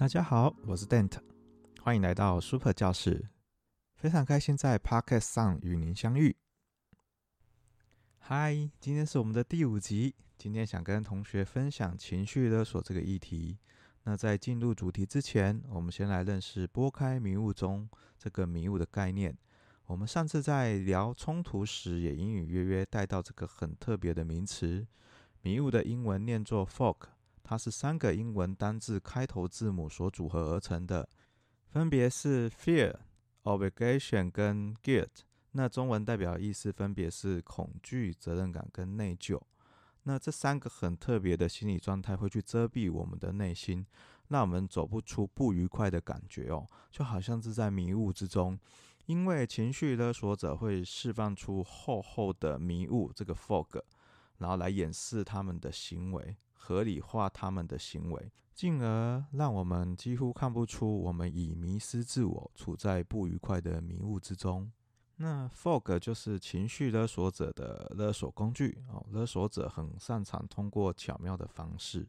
大家好，我是 Dante 歡迎來到 Super 教室，非常開心在 Podcast 上與您相遇。嗨，今天是我們的第五集，今天想跟同學分享情緒勒索這個議題。那在進入主題之前，我們先來認識“撥開迷霧中”中這個迷霧的概念。我們上次在聊衝突時，也隱隱約約帶到這個很特別的名詞——迷霧的英文念作 fog。它是三個英文單字開頭字母所組合而成的，分別是 fear、obligation 跟 guilt。那中文代表的意思分別是恐懼、責任感跟內疚。那這三個很特別的心理狀態會去遮蔽我們的內心，讓我們走不出不愉快的感覺哦，就好像是在迷霧之中。因為情緒勒索者會釋放出厚厚的迷霧，這個 fog，然後來掩飾他們的行為。合理化他們的行為，進而讓我們幾乎看不出我們已迷失自我，處在不愉快的迷霧之中。那 fog 就是情緒勒索者的勒索工具哦。勒索者很擅長通過巧妙的方式，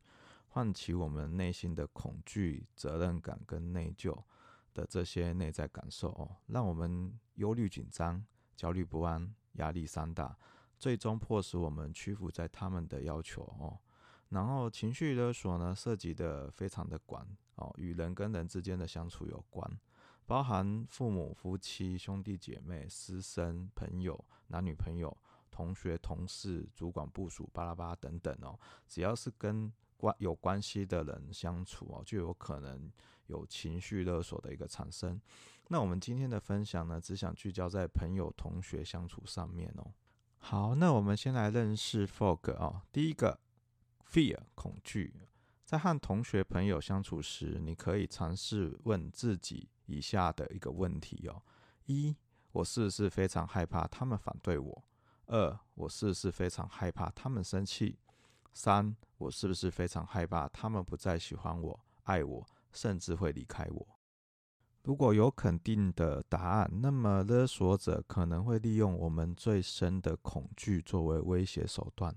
喚起我們內心的恐懼、責任感跟內疚的這些內在感受哦，讓我們憂慮、緊張、焦慮不安、壓力山大，最終迫使我們屈服在他們的要求哦。然後情緒勒索呢，涉及的非常的廣哦，與人跟人之間的相處有關，包含父母、夫妻、兄弟姐妹、師生、朋友、男女朋友、同學、同事、主管、部屬、巴拉巴拉等等哦，只要是跟關有關係的人相處哦，就有可能有情緒勒索的一個產生。那我們今天的分享呢，只想聚焦在朋友、同學相處上面哦。好，那我們先來認識四個哦，第一個。Fear，恐懼，在和同學朋友相處時，你可以嘗試問自己以下的一個問題哦，一，我是不是非常害怕他們反對我？二，我是不是非常害怕他們生氣？三，我是不是非常害怕他們不再喜歡我、愛我，甚至會離開我？如果有肯定的答案，那麼勒索者可能會利用我們最深的恐懼作為威脅手段。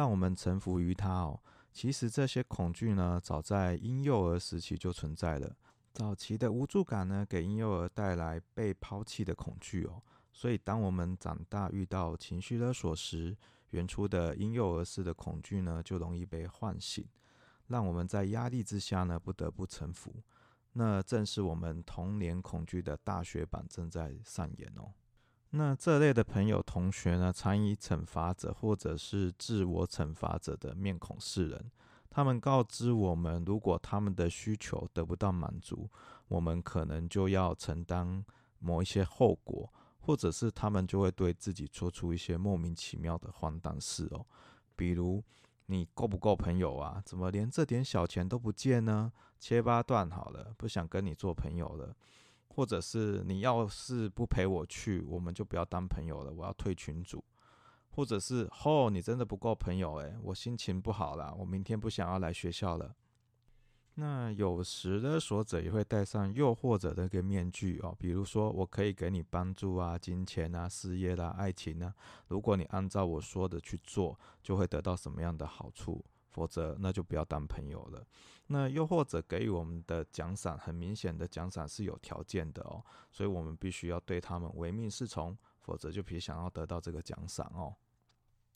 讓我們臣服於他哦。其實這些恐懼呢，早在嬰幼兒時期就存在了。早期的無助感呢，給嬰幼兒帶來被拋棄的恐懼哦。所以，當我們長大遇到情緒勒索時，原初的嬰幼兒式的恐懼呢，就容易被喚醒，讓我們在壓力之下呢，不得不臣服。那正是我們童年恐懼的大學版正在上演哦。那這類的朋友、同學呢，常以懲罰者或者是自我懲罰者的面孔示人。他們告知我們，如果他們的需求得不到滿足，我們可能就要承擔某一些後果，或者是他們就會對自己做出一些莫名其妙的荒唐事哦。比如，你夠不夠朋友啊？怎麼連這點小錢都不借呢？切八段好了，不想跟你做朋友了。或者是你要是不陪我去，我們就不要當朋友了。我要退群組。或者是哦，你真的不夠朋友誒、欸，我心情不好啦，我明天不想要來學校了。那有時勒索者也會戴上誘惑者的個面具哦，比如說我可以給你幫助啊、金錢啊、事業啦、啊、愛情啊。如果你按照我說的去做，就會得到什麼樣的好處。否則，那就不要當朋友了。那又或者給予我們的獎賞，很明顯的獎賞是有條件的哦，所以我們必須要對他們唯命是從，否則就別想要得到這個獎賞哦。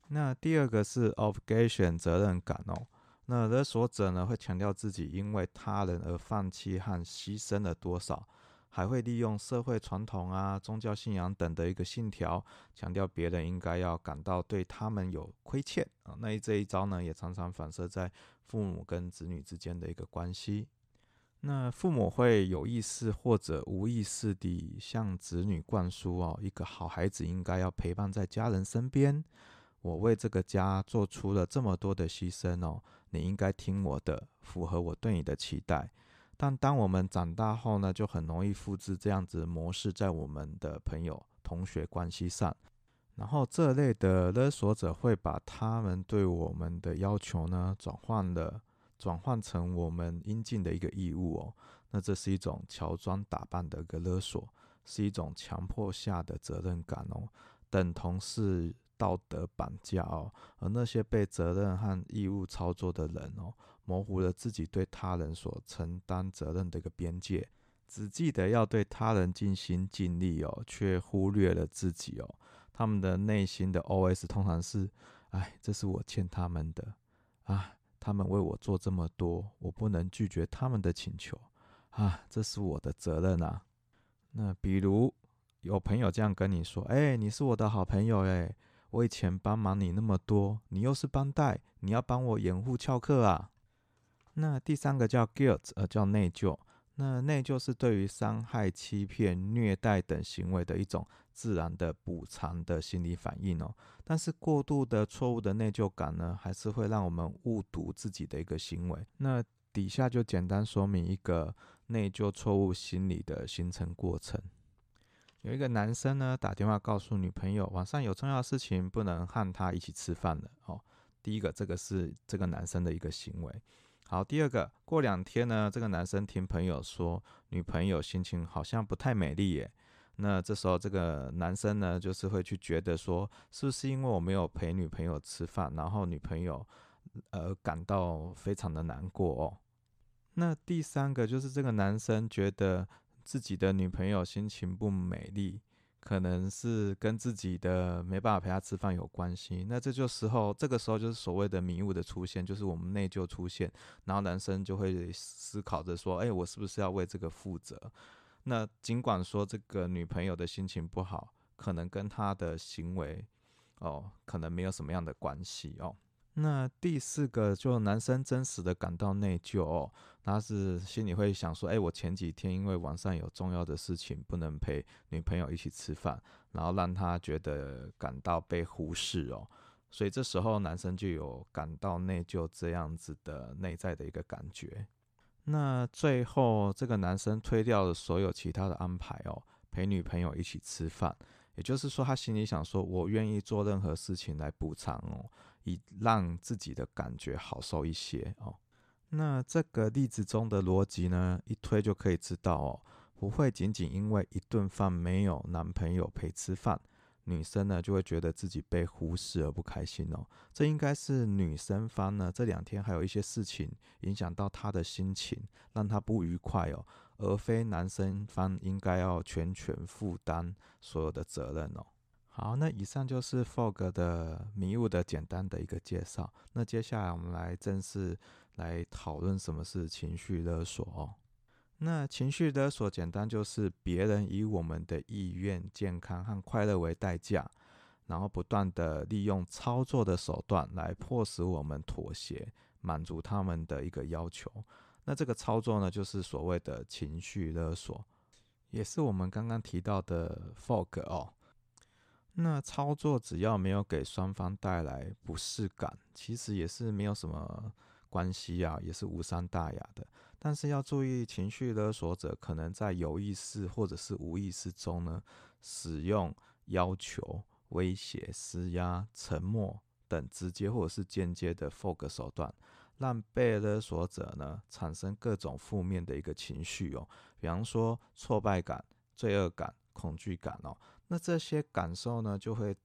那第二個是 obligation 責任感哦。那勒索者呢會強調自己因為他人而放棄和犧牲了多少。還會利用社會傳統啊、宗教信仰等的一個信條，強調別人應該要感到對他們有虧欠啊。那這一招呢，也常常反射在父母跟子女之間的一個關係。那父母會有意識或者無意識地向子女灌輸哦，一個好孩子應該要陪伴在家人身邊。我為這個家做出了這麼多的犧牲哦，你應該聽我的，符合我對你的期待。但當我們長大後呢，就很容易複製這樣子模式在我們的朋友、同學關係上。然後這類的勒索者會把他們對我們的要求呢，轉換了，轉換成我們應盡的一個義務哦。那這是一種喬裝打扮的一個勒索，是一種強迫下的責任感哦，等同事。道德綁架哦，而那些被責任和義務操作的人哦，模糊了自己對他人所承擔責任的一個邊界，只記得要對他人盡心盡力哦，卻忽略了自己哦。他們的內心的 OS 通常是：哎，這是我欠他們的啊，他們為我做這麼多，我不能拒絕他們的請求啊，這是我的責任啊。那比如有朋友這樣跟你說：欸，你是我的好朋友欸。我以前幫忙你那麼多，你又是班代，你要幫我掩護翹課啊？那第三個叫 guilt，呃，叫內疚。那內疚是對於傷害、欺騙、虐待等行為的一種自然的補償的心理反應哦。但是過度的錯誤的內疚感呢，還是會讓我們誤讀自己的一個行為。那底下就簡單說明一個內疚錯誤心理的形成過程。有一個男生呢，打電話告訴女朋友，晚上有重要事情，不能和他一起吃飯了。哦，第一個，這個是這個男生的一個行為。好，第二個，過兩天呢，這個男生聽朋友說，女朋友心情好像不太美麗耶。那這時候，這個男生呢，就是會去覺得說，是不是因為我沒有陪女朋友吃飯，然後女朋友呃感到非常的難過哦。那第三個就是這個男生覺得。自己的女朋友心情不美麗，可能是跟自己的沒辦法陪她吃飯有關係。那這就時候，這個時候就是所謂的迷霧的出現，就是我們內疚出現，然後男生就會思考着說，哎、欸，我是不是要為這個負責？那儘管說這個女朋友的心情不好，可能跟她的行為，哦，可能沒有什麼樣的關係哦。那第四個，就男生真實的感到內疚哦。他是心裡會想說：“哎，我前幾天因為晚上有重要的事情，不能陪女朋友一起吃飯，然後讓他覺得感到被忽視哦。”所以這時候男生就有感到內疚這樣子的內在的一個感覺。那最後這個男生推掉了所有其他的安排哦，陪女朋友一起吃飯，也就是說他心裡想說：“我願意做任何事情來補償哦。”以讓自己的感覺好受一些哦。那這個例子中的邏輯呢，一推就可以知道哦，不會僅僅因為一頓飯沒有男朋友陪吃飯，女生呢就會覺得自己被忽視而不開心哦。這應該是女生方呢這兩天還有一些事情影響到她的心情，讓她不愉快哦，而非男生方應該要全權負擔所有的責任哦。好，那以上就是 fog 的迷霧的簡單的一個介紹。那接下來我們來正式來討論什麼是情緒勒索哦。那情緒勒索簡單就是別人以我們的意願、健康和快樂為代價，然後不斷地利用操作的手段來迫使我們妥協，滿足他們的一個要求。那這個操作呢，就是所謂的情緒勒索，也是我們剛剛提到的 fog 哦。那操作只要沒有給雙方帶來不適感，其實也是沒有什麼關係啊，也是無傷大雅的。但是要注意，情緒勒索者可能在有意識或者是無意識中呢，使用要求、威脅、施壓、沉默等直接或者是間接的 folk 手段，讓被勒索者呢產生各種負面的一個情緒哦，比方說挫敗感、罪惡感、恐懼感哦。那這些感受呢，就會，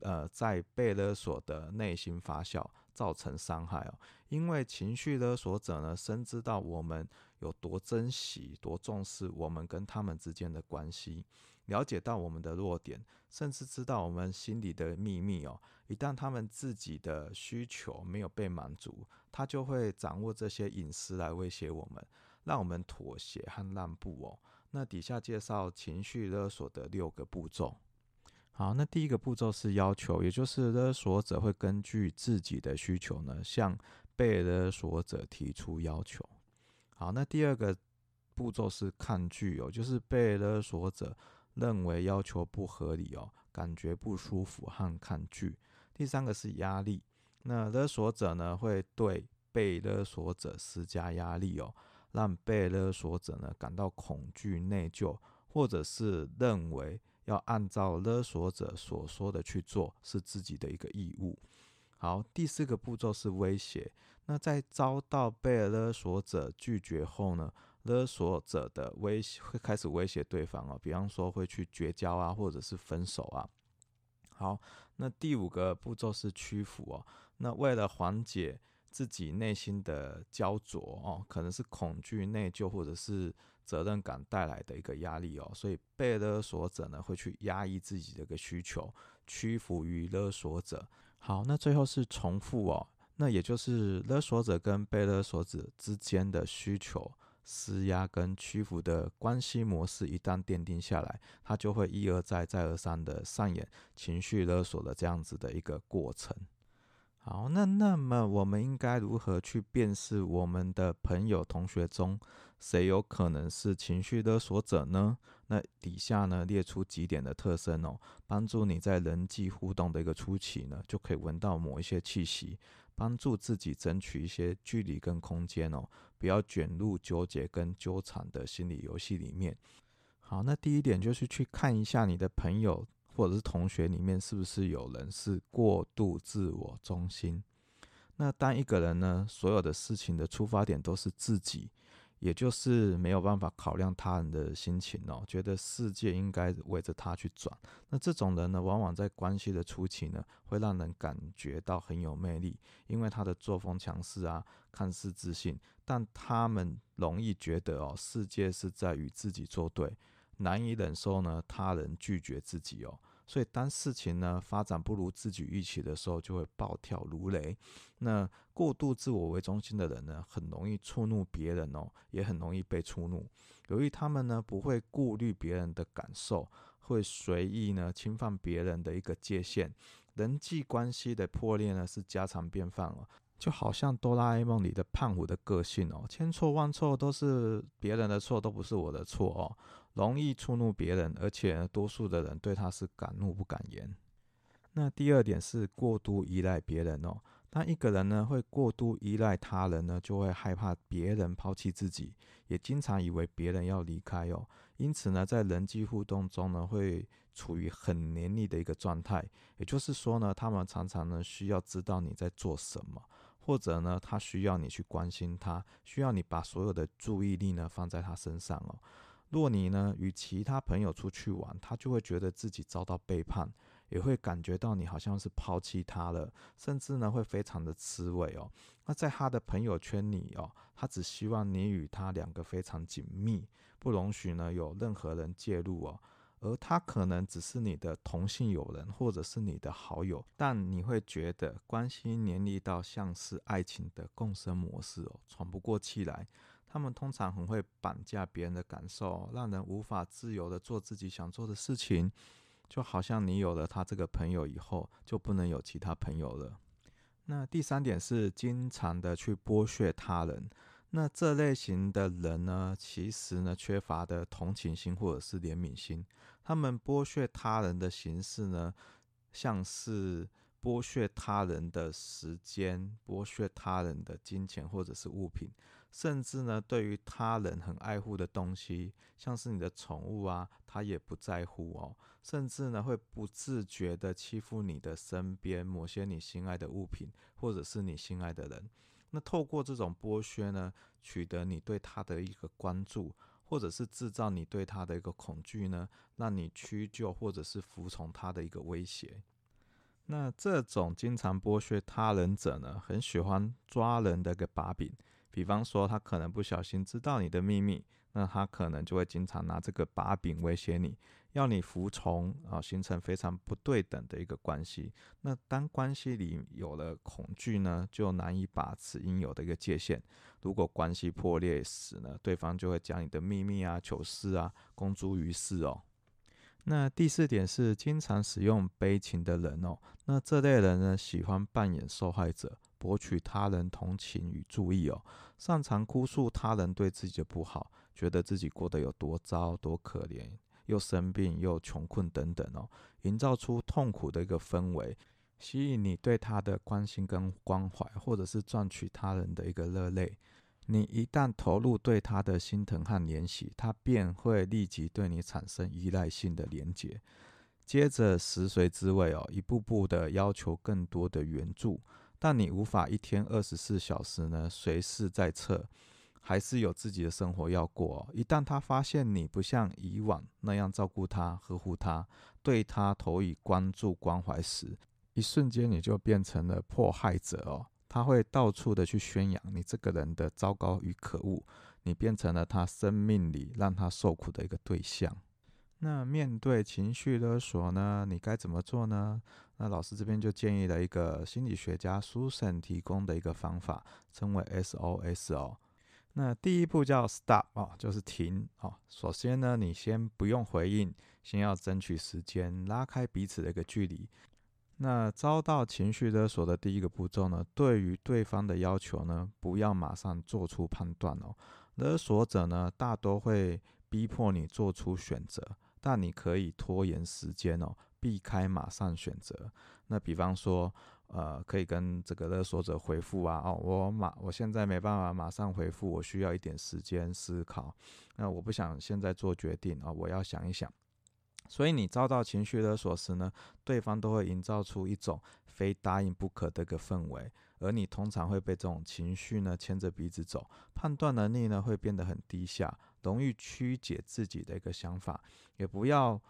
呃，在被勒索的內心發酵，造成傷害哦。因為情緒勒索者呢，深知到我們有多珍惜、多重視我們跟他們之間的關係，了解到我們的弱點，甚至知道我們心裡的秘密哦。一旦他們自己的需求沒有被滿足，他就會掌握這些隱私來威脅我們，讓我們妥協和讓步哦。那底下介紹情緒勒索的六個步驟。好，那第一個步驟是要求，也就是勒索者會根據自己的需求呢，向被勒索者提出要求。好，那第二個步驟是抗拒哦，就是被勒索者認為要求不合理哦，感覺不舒服和抗拒。第三個是壓力，那勒索者呢會對被勒索者施加壓力哦。讓被勒索者呢感到恐懼、內疚，或者是認為要按照勒索者所說的去做是自己的一個義務。好，第四個步驟是威脅。那在遭到被勒索者拒絕後呢，勒索者的威脅會開始威脅對方哦，比方說會去絕交啊，或者是分手啊。好，那第五個步驟是屈服哦。那為了緩解。自己內心的焦灼哦，可能是恐懼、內疚或者是責任感帶來的一個壓力哦，所以被勒索者呢會去壓抑自己的一個需求，屈服於勒索者。好，那最後是重複哦，那也就是勒索者跟被勒索者之間的需求施壓跟屈服的關係模式，一旦奠定下來，他就會一而再、再而三的上演情緒勒索的這樣子的一個過程。好，那那麼我們應該如何去辨識我們的朋友同學中誰有可能是情緒勒索者呢？那底下呢，列出幾點的特徵哦，幫助你在人際互動的一個初期呢，就可以聞到某一些氣息，幫助自己爭取一些距離跟空間哦，不要捲入糾結跟糾纏的心理遊戲裡面。好，那第一點就是去看一下你的朋友。或者是同學裡面，是不是有人是過度自我中心？那當一個人呢，所有的事情的出發點都是自己，也就是沒有辦法考量他人的心情哦，覺得世界應該圍着他去轉。那這種人呢，往往在關係的初期呢，會讓人感覺到很有魅力，因為他的作風強勢啊，看似自信，但他們容易覺得哦，世界是在與自己作對。難以忍受呢，他人拒絕自己哦，所以當事情呢發展不如自己預期的時候，就會暴跳如雷。那過度自我為中心的人呢，很容易觸怒別人哦，也很容易被觸怒。由於他們呢，不會顧慮別人的感受，會隨意呢侵犯別人的一個界限，人際關係的破裂呢是家常便飯哦。就好像哆啦 A 夢裡的胖虎的個性哦，千錯萬錯都是別人的錯，都不是我的錯哦，容易觸怒別人，而且呢多數的人對他是敢怒不敢言。那第二點是過度依賴別人哦，那一個人呢會過度依賴他人呢，就會害怕別人拋棄自己，也經常以為別人要離開哦，因此呢，在人際互動中呢，會處於很黏膩的一個狀態。也就是說呢，他們常常呢需要知道你在做什麼。或者呢，他需要你去關心他，需要你把所有的注意力呢放在他身上哦。若你呢與其他朋友出去玩，他就會覺得自己遭到背叛，也會感覺到你好像是拋棄他了，甚至呢會非常的吃醋哦。那在他的朋友圈裡哦，他只希望你與他兩個非常緊密，不容許呢有任何人介入哦。而他可能只是你的同性友人，或者是你的好友，但你會覺得關係黏膩到像是愛情的共生模式哦，喘不過氣來。他們通常很會綁架別人的感受，讓人無法自由地做自己想做的事情，就好像你有了他這個朋友以後，就不能有其他朋友了。那第三點是經常的去剝削他人。那這類型的人呢，其實呢缺乏的同情心或者是憐憫心。他們剝削他人的形式呢，像是剝削他人的時間、剝削他人的金錢或者是物品，甚至呢對於他人很愛護的東西，像是你的寵物啊，他也不在乎哦，甚至呢會不自覺地欺負你的身邊某些你心愛的物品，或者是你心愛的人。那透過這種剝削呢，取得你對他的一個關注，或者是製造你對他的一個恐懼呢，讓你屈就或者是服從他的一個威脅。那這種經常剝削他人者呢，很喜歡抓人的一個把柄。比方說，他可能不小心知道你的秘密，那他可能就會經常拿這個把柄威脅你。要你服從啊，形成非常不對等的一個關係。那當關係裡有了恐懼呢，就難以把持應有的一個界限。如果關係破裂時呢，對方就會將你的秘密啊、糗事啊公諸於世哦。那第四點是經常使用悲情的人哦。那這類人呢，喜歡扮演受害者，博取他人同情與注意哦。擅長哭訴他人對自己的不好，覺得自己過得有多糟、多可憐。又生病又窮困等等哦，營造出痛苦的一個氛圍，吸引你對他的關心跟關懷，或者是賺取他人的一個熱淚。你一旦投入對他的心疼和憐惜，他便會立即對你產生依賴性的連接，接着食髓知味哦，一步步的要求更多的援助。但你無法一天二十四小時呢，隨侍在側。還是有自己的生活要過哦。一旦他發現你不像以往那樣照顧他、呵護他、對他投以關注關懷時，一瞬間你就變成了迫害者哦。他會到處的去宣揚你這個人的糟糕與可惡，你變成了他生命裡讓他受苦的一個對象。那面對情緒勒索呢？你該怎麼做呢？那老師這邊就建議了一個心理學家 Susan 提供的一個方法，稱為 SOS 哦。那第一步叫 stop 哦，就是停哦。首先呢，你先不用回應，先要爭取時間，拉開彼此的一個距離。那遭到情緒勒索的第一個步驟呢，對於對方的要求呢，不要馬上做出判斷哦。勒索者呢，大多會逼迫你做出選擇，但你可以拖延時間哦，避開馬上選擇。那比方說。呃，可以跟這個勒索者回復啊，哦，我馬我現在沒辦法馬上回復，我需要一點時間思考。那我不想現在做決定啊，哦，我要想一想。所以你遭到情緒勒索時呢，對方都會營造出一種非答應不可的個氛圍，而你通常會被這種情緒呢牽着鼻子走，判斷能力呢會變得很低下，容易曲解自己的一個想法。也不要，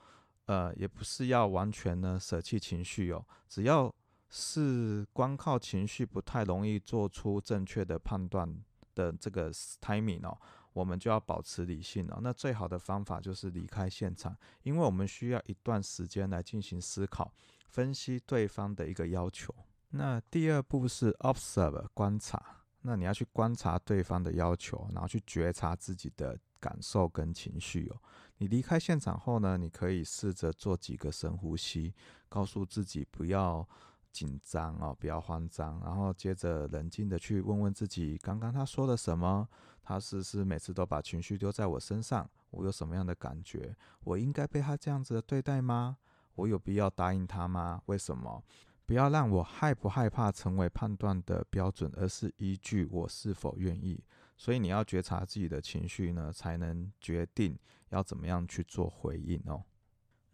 呃，也不是要完全呢捨棄情緒哦，只要是光靠情緒不太容易做出正確的判斷的這個 timing 哦，我們就要保持理性哦。那最好的方法就是離開現場，因為我們需要一段時間來進行思考、分析對方的一個要求。那第二步是 observe 觀察，那你要去觀察對方的要求，然後去覺察自己的感受跟情緒哦。你離開現場後呢，你可以試着做幾個深呼吸，告訴自己不要。緊張哦，不要慌張，然後接着冷靜地去問問自己，剛剛他說了什麼？他是不是每次都把情緒丟在我身上？我有什麼樣的感覺？我應該被他這樣子的對待嗎？我有必要答應他嗎？為什麼？不要讓我害不害怕成為判斷的標準，而是依據我是否願意。所以你要覺察自己的情緒呢，才能決定要怎麼樣去做回應哦。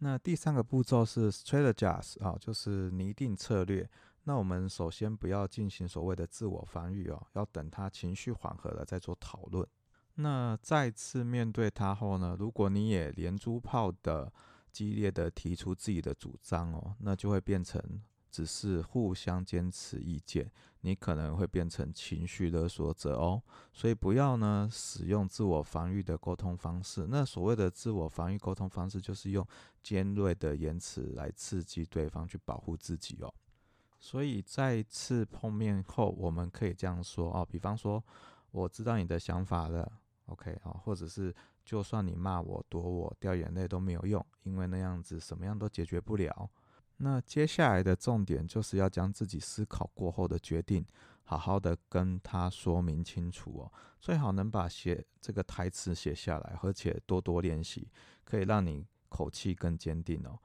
那第三個步驟是 strategies 哦，就是擬定策略。那我們首先不要進行所謂的自我防禦哦，要等他情緒緩和了再做討論。那再次面對他後呢，如果你也連珠炮的激烈的提出自己的主張哦，那就會變成。只是互相堅持意見，你可能會變成情緒勒索者哦。所以不要呢使用自我防御的溝通方式。那所謂的自我防御溝通方式，就是用尖銳的言辭來刺激對方去保護自己哦。所以再次碰面後，我們可以這樣說哦，比方說，我知道你的想法了，OK 啊、哦，或者是就算你罵我、躲我、掉眼淚都沒有用，因為那樣子什麼樣都解決不了。那接下來的重點就是要將自己思考過後的決定，好好的跟他說明清楚哦。最好能把寫這個台詞寫下來，而且多多練習，可以讓你口氣更堅定哦。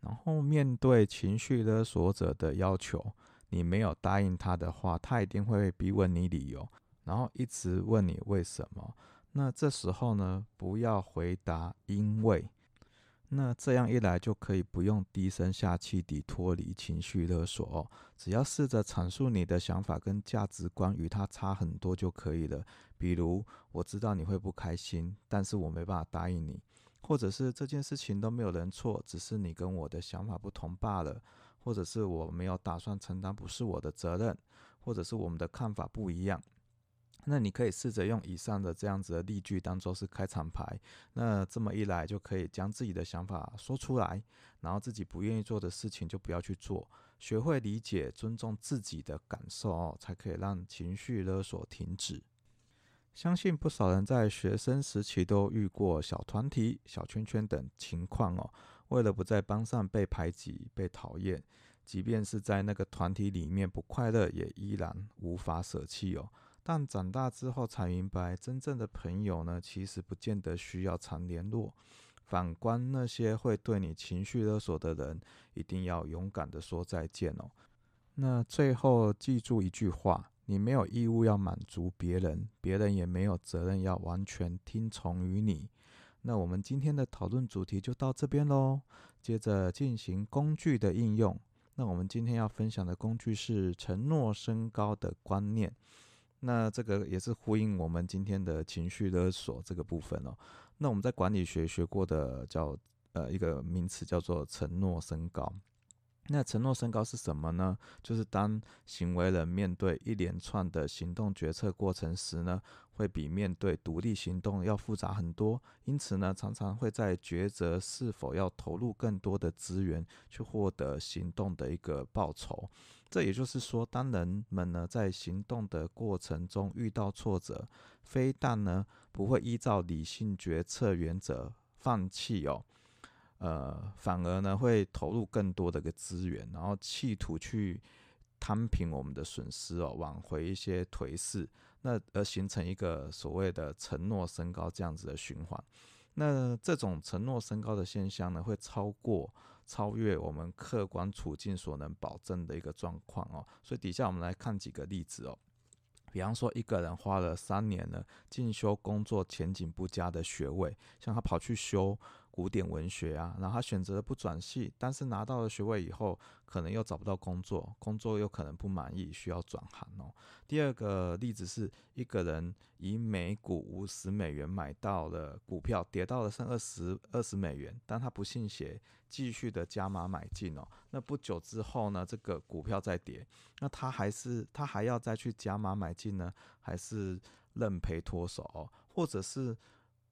然後面對情緒勒索者的要求，你沒有答應他的話，他一定會逼問你理由，然後一直問你為什麼。那這時候呢，不要回答因為。那這樣一來，就可以不用低聲下氣地脫離情緒勒索，哦，只要試着闡述你的想法跟價值觀與他差很多就可以了。比如，我知道你會不開心，但是我沒辦法答應你；或者是這件事情都沒有人錯，只是你跟我的想法不同罷了；或者是我沒有打算承擔，不是我的責任；或者是我們的看法不一樣。那你可以試着用以上的這樣子的例句當做是開場白。那這麼一來，就可以將自己的想法說出來，然後自己不願意做的事情就不要去做。學會理解、尊重自己的感受哦，才可以讓情緒勒索停止。相信不少人在學生時期都遇過小團體、小圈圈等情況哦。為了不在班上被排擠、被討厭，即便是在那個團體裡面不快樂，也依然無法捨棄哦。但長大之後才明白，真正的朋友呢，其實不見得需要常聯絡。反觀那些會對你情緒勒索的人，一定要勇敢地說再見哦。那最後記住一句話：你沒有義務要滿足別人，別人也沒有責任要完全聽從於你。那我們今天的討論主題就到這邊嘍。接着進行工具的應用。那我們今天要分享的工具是承諾升高的觀念。那這個也是呼應我們今天的情緒勒索這個部分哦。那我們在管理學學過的叫呃，一個名詞叫做承諾升高。那承諾升高是什麼呢？就是當行為人面對一連串的行動決策過程時呢，會比面對獨立行動要複雜很多。因此呢，常常會在抉擇是否要投入更多的資源去獲得行動的一個報酬。這也就是說，當人們呢在行動的過程中遇到挫折，非但呢不會依照理性決策原則放棄哦，呃，反而呢會投入更多的個資源，然後企圖去攤平我們的損失哦，挽回一些頹勢，那而形成一個所謂的承諾升高這樣子的循環。那這種承諾升高的現象呢，會超過、超越我們客觀處境所能保證的一個狀況哦。所以底下我們來看幾個例子哦。比方說，一個人花了三年呢，進修工作前景不佳的學位，像他跑去修。古典文學啊，然後他選擇了不轉系，但是拿到了學位以後，可能又找不到工作，工作又可能不滿意，需要轉行哦。第二個例子是一個人以每股五十美元買到了股票，跌到了剩二十二十美元，但他不信邪，繼續的加碼買進哦。那不久之後呢，這個股票在跌，那他還是他還要再去加碼買進呢，還是認賠脫手哦，或者是？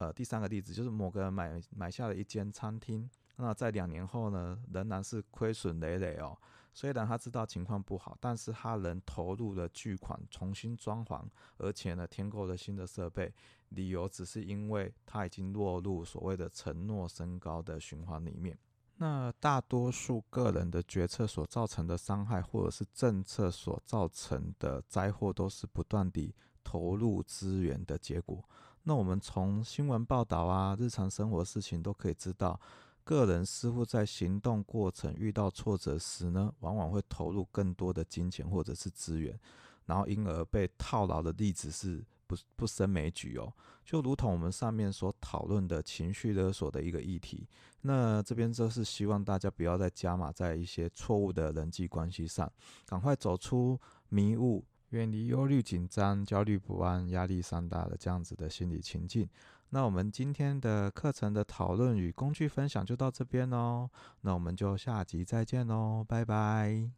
呃，第三個例子就是某個人買買下了一間餐廳，那在兩年後呢，仍然是虧損累累哦。雖然他知道情況不好，但是他仍投入了鉅款重新裝潢，而且呢，添購了新的設備，理由只是因為他已經落入所謂的承諾升高的循環裡面。那大多數個人的決策所造成的傷害，或者是政策所造成的災禍，都是不斷地投入資源的結果。那我們從新聞報道啊，日常生活事情都可以知道，個人似乎在行動過程遇到挫折時呢，往往會投入更多的金錢或者是資源，然後因而被套牢的例子是不不勝枚舉哦。就如同我們上面所討論的情緒勒索的一個議題，那這邊就是希望大家不要再加碼在一些錯誤的人際關係上，趕快走出迷霧。遠離憂慮、緊張、焦慮不安、壓力山大的這樣子的心理情境。那我們今天的課程的討論與工具分享就到這邊哦，那我們就下集再見嘍、哦，拜拜。